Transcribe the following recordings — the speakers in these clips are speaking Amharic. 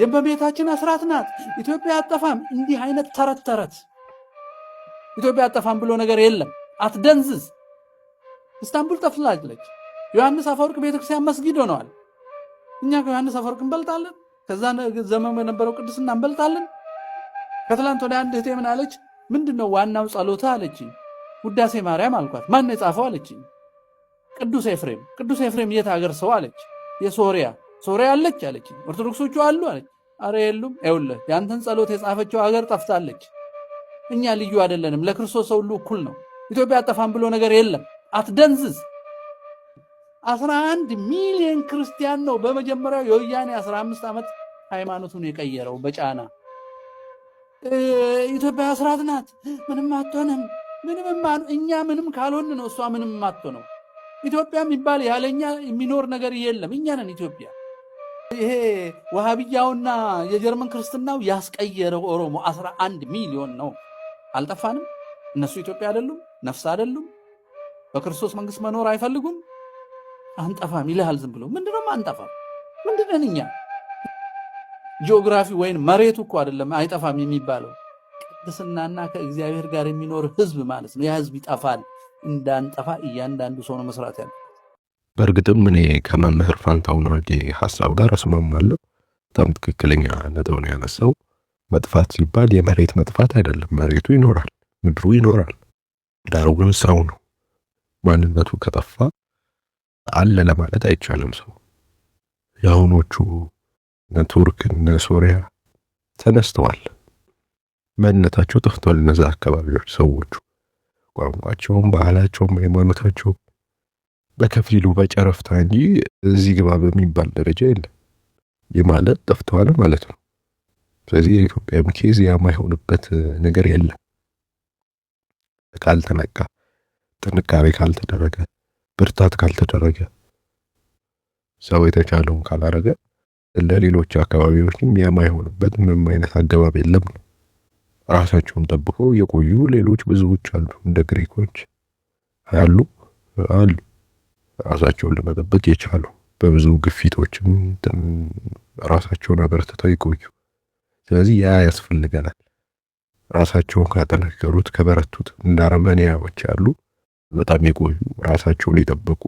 የእመቤታችን አስራት ናት። ኢትዮጵያ አጠፋም። እንዲህ አይነት ተረት ተረት ኢትዮጵያ አጠፋም ብሎ ነገር የለም። አትደንዝዝ። እስታንቡል ጠፍላለች። ዮሐንስ አፈወርቅ ቤተክርስቲያን መስጊድ ሆነዋል። እኛ ከዮሐንስ አፈወርቅ እንበልጣለን? ከዛ ዘመን በነበረው ቅድስና እንበልጣለን? ከትላንት ወደ አንድ እህቴ ምን አለች? ምንድን ነው ዋናው ጸሎታ አለች። ውዳሴ ማርያም አልኳት። ማን የጻፈው አለች። ቅዱስ ኤፍሬም። ቅዱስ ኤፍሬም የት ሀገር ሰው አለች። የሶሪያ ሶሪያ አለች አለች፣ ኦርቶዶክሶቹ አሉ አለች። አረ የሉም። ይኸውልህ የአንተን ጸሎት የጻፈችው ሀገር ጠፍታለች። እኛ ልዩ አይደለንም። ለክርስቶስ ሰው ሁሉ እኩል ነው። ኢትዮጵያ አጠፋም ብሎ ነገር የለም። አትደንዝዝ። አስራ አንድ ሚሊዮን ክርስቲያን ነው በመጀመሪያው የወያኔ 15 ዓመት ሃይማኖቱን የቀየረው በጫና ኢትዮጵያ ስራት ናት። ምንም አትሆንም። ምንም እኛ ምንም ካልሆን ነው እሷ ምንም አትሆነው። ኢትዮጵያ የሚባል ያለኛ የሚኖር ነገር የለም። እኛ ነን ኢትዮጵያ። ይሄ ውሃብያውና የጀርመን ክርስትናው ያስቀየረው ኦሮሞ 11 ሚሊዮን ነው። አልጠፋንም። እነሱ ኢትዮጵያ አይደሉም፣ ነፍስ አይደሉም፣ በክርስቶስ መንግስት መኖር አይፈልጉም። አንጠፋም ይልሃል ዝም ብሎ ምንድነው? አንጠፋም ምንድነን እኛ? ጂኦግራፊ ወይም መሬቱ እኮ አይደለም አይጠፋም የሚባለው ቅድስናና ከእግዚአብሔር ጋር የሚኖር ህዝብ ማለት ነው። ያ ህዝብ ይጠፋል። እንዳንጠፋ እያንዳንዱ ሰው ነው መስራት ያለ በእርግጥም እኔ ከመምህር ፋንታሁን ወልዴ ሀሳብ ጋር እስማማለሁ። በጣም ትክክለኛ ነጥብ ነው ያነሳው። መጥፋት ሲባል የመሬት መጥፋት አይደለም። መሬቱ ይኖራል፣ ምድሩ ይኖራል። ዳሩ ግን ሰው ነው። ማንነቱ ከጠፋ አለ ለማለት አይቻልም። ሰው የአሁኖቹ እነ ቱርክ እነ ሶሪያ ተነስተዋል። ማንነታቸው ጠፍቷል። እነዛ አካባቢዎች ሰዎቹ ቋንቋቸውም፣ ባህላቸውም፣ ሃይማኖታቸው በከፊሉ በጨረፍታ እንጂ እዚህ ግባ በሚባል ደረጃ የለም። ይህ ማለት ጠፍተዋል ማለት ነው። ስለዚህ የኢትዮጵያም ኬዝ የማይሆንበት ነገር የለም። ካልተነቃ፣ ጥንቃቄ ካልተደረገ፣ ብርታት ካልተደረገ፣ ሰው የተቻለውን ካላረገ ለሌሎች አካባቢዎችም የማይሆንበት ምንም አይነት አገባብ የለም ነው። ራሳቸውን ጠብቆ የቆዩ ሌሎች ብዙዎች አሉ። እንደ ግሪኮች አሉ አሉ ራሳቸውን ለመጠበቅ የቻሉ በብዙ ግፊቶችም ራሳቸውን አበረትተው ይቆዩ። ስለዚህ ያ ያስፈልገናል። ራሳቸውን ካጠነከሩት ከበረቱት እንደ አርመንያዎች ያሉ በጣም የቆዩ ራሳቸውን የጠበቁ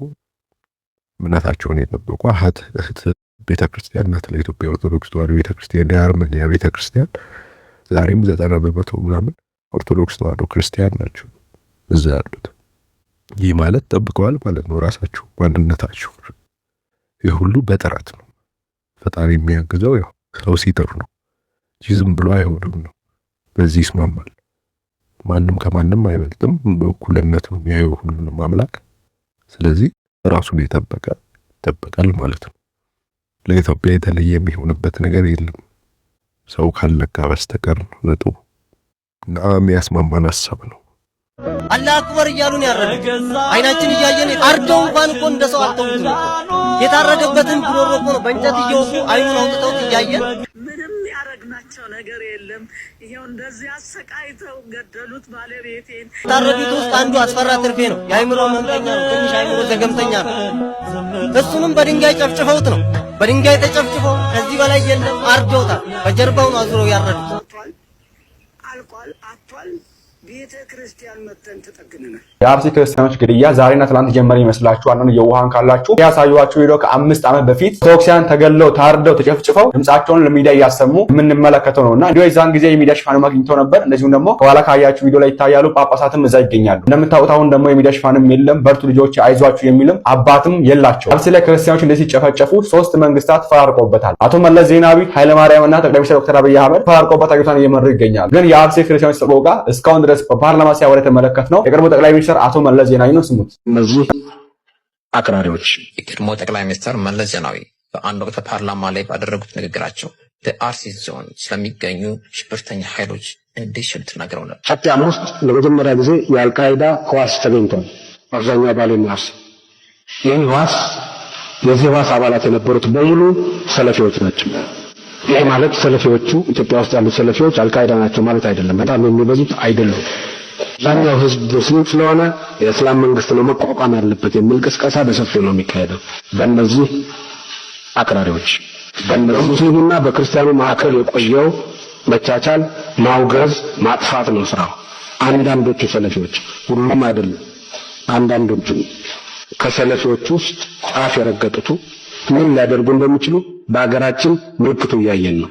እምነታቸውን የጠበቁ አሀት እህት ቤተክርስቲያን ክርስቲያን ናት። ለኢትዮጵያ ኦርቶዶክስ ተዋሕዶ ቤተክርስቲያን ክርስቲያን የአርመንያ ቤተ ዛሬም ዘጠና በመቶ ምናምን ኦርቶዶክስ ተዋሕዶ ክርስቲያን ናቸው እዛ ያሉት። ይህ ማለት ጠብቀዋል ማለት ነው። ራሳችሁ ማንነታችሁ ይህ ሁሉ በጥረት ነው። ፈጣሪ የሚያግዘው ያው ሰው ሲጥር ነው እንጂ ዝም ብሎ አይሆንም ነው። በዚህ ይስማማል። ማንም ከማንም አይበልጥም። በእኩልነት ነው የሚያየው ሁሉንም አምላክ። ስለዚህ ራሱን የጠበቀ ይጠበቃል ማለት ነው። ለኢትዮጵያ የተለየ የሚሆንበት ነገር የለም ሰው ካለካ በስተቀር ነጥቡ እና የሚያስማማን ሀሳብ ነው። አላህ አክበር እያሉን ያረዱ አይናችን እያየን አርደው እንኳን እኮ እንደ ሰው አልተውት የታረደበትን ጉሮሮ እኮ ነው በእንጨት እየወጉ አይኑን አውጥተውት እያየን ምንም ያረግናቸው ነገር የለም። ይሄው እንደዚህ አሰቃይተው ገደሉት ባለቤቴን። ታረዱት ውስጥ አንዱ አስፈራ ትርፌ ነው። የአይምሮ መምጠኛ ነው። ትንሽ አይምሮ ዘገምተኛ ነው። እሱንም በድንጋይ ጨፍጭፈውት ነው። በድንጋይ ተጨፍጭፈው ከዚህ በላይ የለም። አርደውታል። በጀርባውን አዙረው ያረዱት አልቋል አቷል ቤተ የአርሲ ክርስቲያኖች ግድያ ዛሬና ትላንት ጀመረ ይመስላችኋል? አሁን የውሃን ካላችሁ ያሳዩዋችሁ ቪዲዮ ከአምስት ዓመት በፊት ኦርቶዶክሳውያን ተገለው ታርደው ተጨፍጭፈው ድምጻቸውን ለሚዲያ እያሰሙ የምንመለከተው ነው እና እንዲሁ የዛን ጊዜ የሚዲያ ሽፋንም አግኝተው ነበር። እንደዚሁም ደግሞ ከኋላ ካያችሁ ቪዲዮ ላይ ይታያሉ። ጳጳሳትም እዛ ይገኛሉ። እንደምታውቁት አሁን ደግሞ የሚዲያ ሽፋንም የለም። በርቱ ልጆች አይዟችሁ የሚልም አባትም የላቸው። አርሲ ላይ ክርስቲያኖች እንደዚህ ሲጨፈጨፉ ሶስት መንግስታት ፈራርቆበታል። አቶ መለስ ዜናዊ፣ ኃይለማርያም እና ጠቅላይ ሚኒስትር ዶክተር አብይ አህመድ ፈራርቆበት አገሪቷን እየመሩ ይገኛሉ። ግን የአርሲ ክርስቲያኖች ሰቆቃ እስካሁን ድረስ በፓርላማ ሲያወራ ነው። የቀድሞ ጠቅላይ ሚኒስትር አቶ መለስ ዜናዊ ነው። ስሙት። እነዚህ አክራሪዎች የቀድሞ ጠቅላይ ሚኒስትር መለስ ዜናዊ በአንድ ወቅት በፓርላማ ላይ ባደረጉት ንግግራቸው በአርሲ ዞን ስለሚገኙ ሽብርተኛ ኃይሎች እንዲህ ሲሉ ተናግረው ነበር። ሀብቲያም ውስጥ ለመጀመሪያ ጊዜ የአልቃይዳ ህዋስ ተገኝቷል። አብዛኛው ባሌና አርሲ ይህ ህዋስ የዚህ ህዋስ አባላት የነበሩት በሙሉ ሰለፊዎች ናቸው። ይሄ ማለት ሰለፊዎቹ ኢትዮጵያ ውስጥ ያሉት ሰለፊዎች አልቃይዳ ናቸው ማለት አይደለም። በጣም የሚበዙት አይደሉም። አብዛኛው ህዝብ ሙስሊም ስለሆነ የእስላም መንግስት ነው መቋቋም ያለበት የሚል ቅስቀሳ በሰፊው ነው የሚካሄደው በእነዚህ አክራሪዎች። በሙስሊሙና በክርስቲያኑ መካከል የቆየው መቻቻል ማውገዝ፣ ማጥፋት ነው ስራው። አንዳንዶቹ ሰለፊዎች፣ ሁሉም አይደለም፣ አንዳንዶቹ ከሰለፊዎች ውስጥ ጫፍ የረገጡቱ ምን ሊያደርጉ እንደሚችሉ በሀገራችን ምልክቱ እያየን ነው።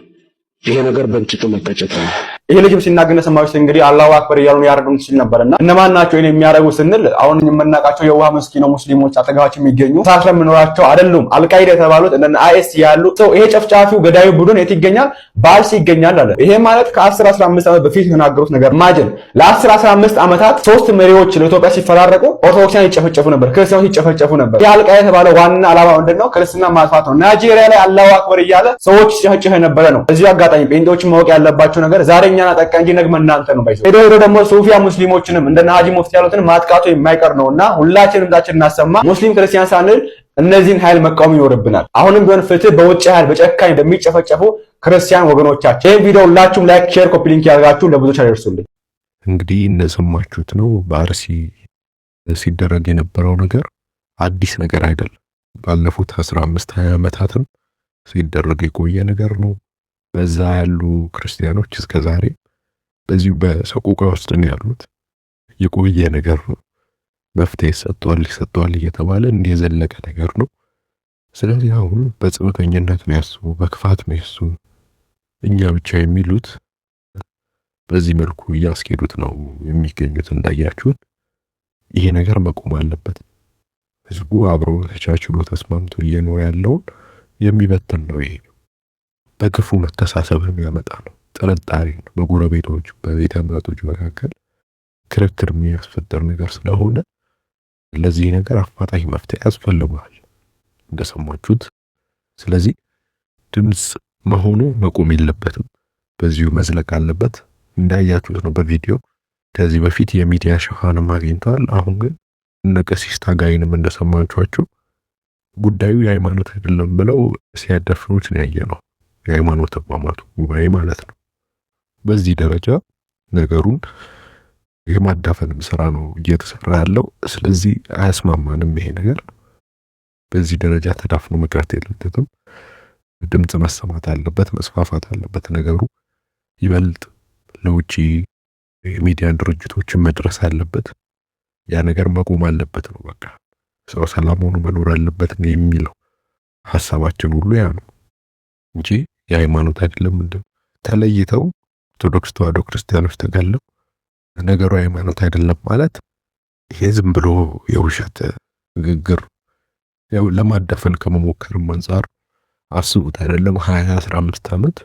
ይሄ ነገር በእንጭጡ መቀጨት ነው። ይሄ ልጅም ሲናገነ ሰማዎች እንግዲህ አላሁ አክበር እያሉ ያረዱን ሲል ነበርና እነማን ናቸው ይሄን የሚያረጉ ስንል አሁን የምናውቃቸው የውሃ መስኪ ነው ሙስሊሞች አጠገባቸው የሚገኙ ሳስ ለምኖራቸው አይደሉም። አልቃይዳ የተባሉት እንደ አይኤስ ያሉ ሰው ይሄ ጨፍጫፊው ገዳዩ ቡድን የት ይገኛል? ባልስ ይገኛል አለ። ይሄ ማለት ከ10 15 ዓመት በፊት የተናገሩት ነገር ማጀን ለ10 15 ዓመታት ሶስት መሪዎች ለኢትዮጵያ ሲፈራረቁ ኦርቶዶክሳን ይጨፈጨፉ ነበር፣ ክርስቲያኖች ይጨፈጨፉ ነበር። ይሄ አልቃይዳ የተባለ ዋና አላማ ምንድነው? ክርስትና ማጥፋት ነው። ናይጄሪያ ላይ አላሁ አክበር እያለ ሰዎች ሲጨፈጨፈ የነበረ ነው። እዚሁ አጋጣሚ ጴንጤዎች ማወቅ ያለባቸው ነገር ዛሬ እኛን አጠቃ እንጂ ነግመ እናንተ ነው ባይዘው ሄዶ ሄዶ ደግሞ ሱፊያ ሙስሊሞችንም እንደነ ሀጂ ሙፍቲ ያሉትን ማጥቃቱ የማይቀር ነውና ሁላችንም እምታችን እናሰማ። ሙስሊም ክርስቲያን ሳንል እነዚህን ኃይል መቃወም ይኖርብናል። አሁንም ቢሆን ፍትህ በውጭ ኃይል በጨካኝ በሚጨፈጨፉ ክርስቲያን ወገኖቻችን። ይህን ቪዲዮ ሁላችሁም ላይክ፣ ሼር፣ ኮፒ ሊንክ ያደርጋችሁ ለብዙዎች አደርሱልኝ። እንግዲህ እንደሰማችሁት ነው በአርሲ ሲደረግ የነበረው ነገር አዲስ ነገር አይደለም። ባለፉት 15 20 ሀያ ዓመታትም ሲደረግ የቆየ ነገር ነው። በዛ ያሉ ክርስቲያኖች እስከ ዛሬ በዚሁ በሰቆቃ ውስጥ ነው ያሉት። የቆየ ነገር ነው። መፍትሄ ሰጥቷል ይሰጥቷል እየተባለ እንዲህ የዘለቀ ነገር ነው። ስለዚህ አሁን በጽንፈኝነት ነው ያስቡ፣ በክፋት ነው ያስቡ፣ እኛ ብቻ የሚሉት በዚህ መልኩ እያስኬዱት ነው የሚገኙት። እንዳያችሁት ይሄ ነገር መቆም አለበት። ህዝቡ አብሮ ተቻችሎ ተስማምቶ እየኖረ ያለውን የሚበትን ነው ይሄ። በክፉ መተሳሰብ የሚያመጣ ነው። ጥርጣሬ ነው። በጎረቤቶች በቤተ እምነቶች መካከል ክርክር የሚያስፈጠር ነገር ስለሆነ ለዚህ ነገር አፋጣኝ መፍትሄ ያስፈልገዋል። እንደሰማችሁት። ስለዚህ ድምፅ መሆኑ መቆም የለበትም፣ በዚሁ መዝለቅ አለበት። እንዳያችሁት ነው በቪዲዮ ከዚህ በፊት የሚዲያ ሽፋንም አግኝተዋል። አሁን ግን እነ ቀሲስ ታጋይንም እንደሰማችኋቸው ጉዳዩ የሃይማኖት አይደለም ብለው ሲያደፍሩት ያየ ነው። የሃይማኖት ተቋማቱ ጉባኤ ማለት ነው። በዚህ ደረጃ ነገሩን የማዳፈንም ስራ ነው እየተሰራ ያለው። ስለዚህ አያስማማንም ይሄ ነገር። በዚህ ደረጃ ተዳፍኖ መቅረት የለበትም። ድምፅ መሰማት አለበት፣ መስፋፋት አለበት። ነገሩ ይበልጥ ለውጭ የሚዲያ ድርጅቶችን መድረስ አለበት። ያ ነገር መቆም አለበት ነው በቃ ሰው ሰላም ሆኖ መኖር አለበት ነው የሚለው ሀሳባችን ሁሉ ያ ነው እንጂ የሃይማኖት አይደለም ምንድን ተለይተው ኦርቶዶክስ ተዋህዶ ክርስቲያኖች ተጋለው ነገሩ ሃይማኖት አይደለም ማለት ይሄ ዝም ብሎ የውሸት ንግግር ለማዳፈን ከመሞከርም አንጻር አስቡት አይደለም ሀያ አስራ አምስት ዓመት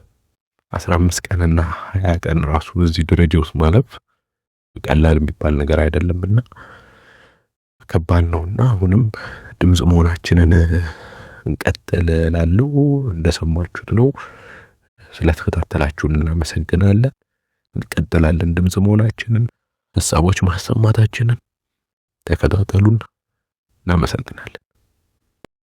አስራ አምስት ቀንና ሀያ ቀን ራሱ እዚህ ደረጃ ውስጥ ማለፍ ቀላል የሚባል ነገር አይደለምና ከባድ እና አሁንም ድምፅ መሆናችንን እንቀጥል ላሉ እንደሰማችሁት ነው። ስለተከታተላችሁን እናመሰግናለን። እንቀጥላለን። ድምፅ መሆናችንን፣ ሀሳቦች ማሰማታችንን ተከታተሉን። እናመሰግናለን።